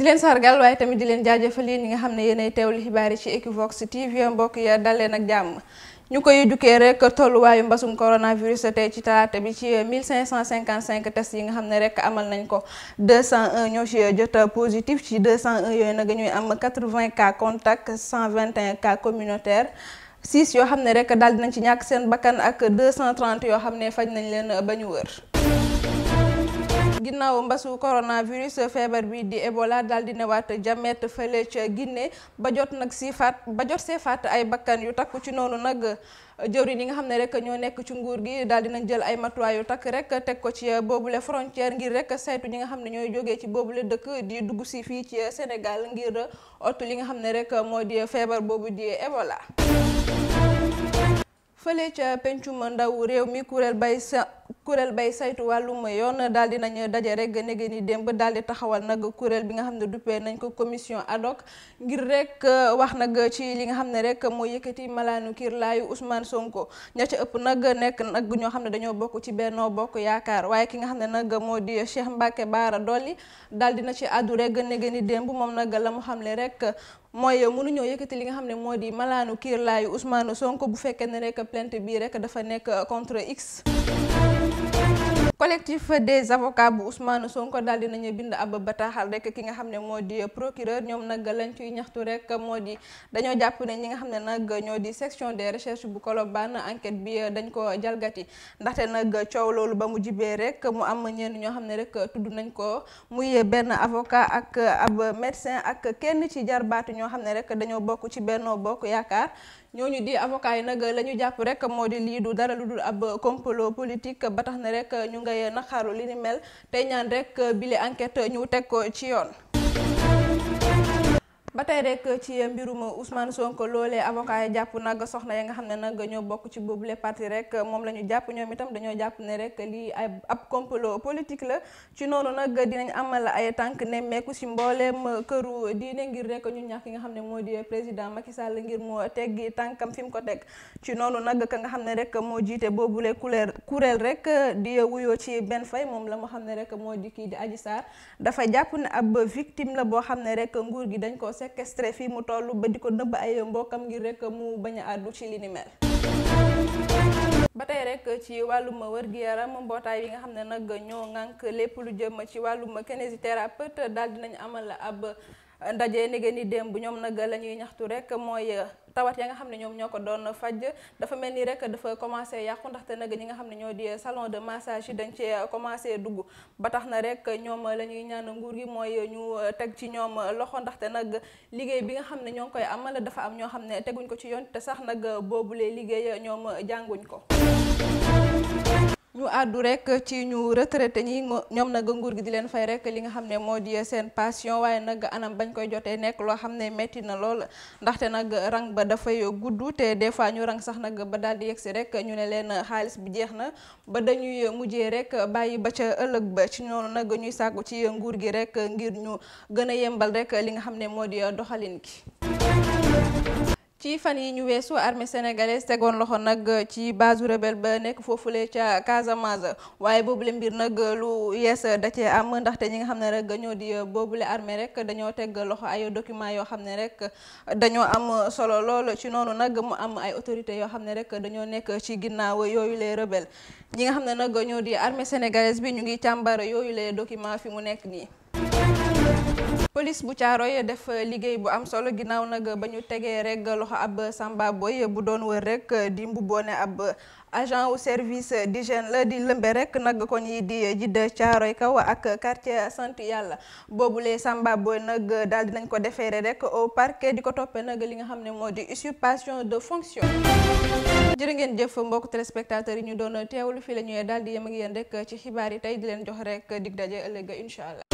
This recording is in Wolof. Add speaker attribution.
Speaker 1: di leen sargal waaye tamit di leen jaajëfal yéen ñi nga xam ne yéenay teewlu xibaar yi ci Equivox TV mbokk ya dal leen jàmm ñu koy jukkee rek tolluwaayu mbasum coronavirus tey ci talaata bi ci 1555 tests yi nga xam ne rek amal nañ ko 201 ñoo ci jot positif ci 201 yooyu nag ñuy am 80 cas contacts 121 cas communautaires. six yoo xam ne rek daal nañ ci ñàkk seen bakkan ak 230 yoo xam ne faj nañ leen ba ñu wër ginnaaw mbasu coronavirus feebar bi di Ebola daal di newaat jamet fële ca Guinée ba jot nag si faat ba jot see faat ay bakkan yu takku ci noonu nag jëwriñ yi nga xam ne rek ñoo nekk ci nguur gi daal dinañ jël ay matuwaay yu takk rek teg ko ci boobu boobule frontière ngir rek saytu ñi nga xam ne ñooy jógee ci boobu boobule dëkk di dugg si fii ci senegal ngir ottu li nga xam ne rek moo di feebar boobu di Ebola. fële ca pencum ndaw réew mi kuréel bay sa kuréel bay saytu wàllum yoon daal di nañu daje rek nege ni démb daal di taxawal nag kuréel bi nga xam ne duppee nañ ko commission ad ngir rek euh, wax nag ci li nga xam ne rek moo yëkkati malaanu kiir laayu Ousmane Sonko ña ca ëpp nag nekk nag ñoo xam ne dañoo bokk ci Benno Bokk Yaakaar waaye ki nga xam ne nag moo di Cheikh Mbacke Baara Dolli daal di na ci àddu rek nege ni démb moom nag la mu xamle rek. mooy mënuñoo yëkkati li nga xam ne moo di malaanu kiir laayu Ousmane Sonko bu fekkee ne rek plainte bii rek dafa nekk contre x collectif des avocats bu Ousmane Sonko daal dinañu bind ab bataaxal rek ki nga xam ne moo di procureur ñoom nag lañ ciy ñaxtu rek moo di dañoo jàpp ne ñi nga xam ne nag ñoo di section des recherches bu Colobane enquête bi dañ ko jalgati ndaxte nag coow loolu ba mu jibee rek mu am ñenn ñoo xam ne rek tudd nañ ko muy benn avocat ak ab médecin ak kenn ci jarbaatu ñoo xam ne rek dañoo bokk ci Benno Bokk Yaakaar ñooñu di la jàpp rek moo di lii du dara lu dul ab complot politique ba tax na rek ñu ngay naxaaru li ni mel tey ñaan rek uh, bile enquête ñu teg ko ci yoon. ba tey rek ci mbirum Ousmane Sonko loolee avocat jàpp nag soxna ya nga xam ne nag ñoo bokk ci boobule parti rek moom la jàpp ñoom itam dañoo jàpp ne rek lii ay ab complot politique la ci noonu nag dinañ amal ay tànk nemmeeku si mbooleem këru diine ngir rek ñu ñàkk yi nga xam ne moo di président Macky Sall ngir mu teggi tànkam fi ko teg ci noonu nag ka nga xam ne rek moo jiite boobule kuréel kuréel rek di wuyoo ci benn fay moom la moo xam ne rek moo di kii di Adji Sarr dafa jàpp ne ab victime la boo xam ne rek nguur gi dañ ko séquestré fii mu toll ba di ko nëbb ay mbokkam ngir rek mu bañ a àddu ci li ba tey rek ci wàllum wër-gi-yaram mbootaay yi nga xam ne nag ñoo ŋànk lépp lu jëm ci wàllum kinésithérapeute daldi nañu amal ab. ndaje nege ni démb ñoom nag la ñuy ñaxtu rek mooy tawat ya nga xam ne ñoom ñoo ko doon faj dafa mel ni rek dafa commencé yàqu ndaxte nag ñi nga xam ne ñoo di salon de massage yi dañ cee commencé dugg ba tax na rek ñoom la ñaan nguur gi mooy ñu teg ci ñoom loxo ndaxte nag liggéey bi nga xam ne ñoo ngi koy amal dafa am ñoo xam ne teguñ ko ci yoon te sax nag boobulee liggéey ñoom jànguñ ko àddu rekk ci ñu retraité ñi ñoom nag nguur gi di leen fay rek li nga xam ne moo di seen pension waaye nag anam bañ koy jotee nekk loo xam ne metti na lool ndaxte nag rang ba dafay gudd te des fois ñu rang sax nag ba daal di yegsi rek ñu ne leen xaalis bi jeex na ba dañuy mujjee rek bàyyi ba ca ëllëg ba ci noonu nag ñuy sàkku ci nguur gi rek ngir ñu gën a yembal rek li nga xam ne moo di doxalin gi ci fan yi ñu weesu armée sénégalaise tegoon loxo nag ci base rebelle ba nekk foofu lee ca Casamance waaye boobu boobule mbir nag lu yees da cee am ndaxte ñi nga xam ne rek ñoo di boobule armée rek dañoo teg loxo ay documents yoo xam ne rek dañoo am solo lool ci noonu nag mu am ay autorités yoo xam ne rek dañoo nekk ci ginnaaw yooyu les rebelle ñi nga xam ne nag ñoo di armée sénégalaise bi ñu ngi càmbar yooyu les document fi mu nekk nii. police bu Caaroy def euh, liggéey bu am solo ginnaaw nag ba ñu tegee rek loxo ab Samba Boy bu doon wër rek euh, di ne ab agent au service d'hygiène la di lëmbe rek nag kon yi di caaro Caaroy kaw ak quartier sant yàlla boobule Samba Boy nag daal nañ ko defeere rek au parquet di ko toppee nag li nga xam ne moo di usurpation de fonction jërë ngeen jëf mbokk téléspectateurs yi ñu doon teewlu fi la ñuy daal di yem ak yéen rek ci xibaar yi tey di leen jox rek dig daje ëllëg incha allah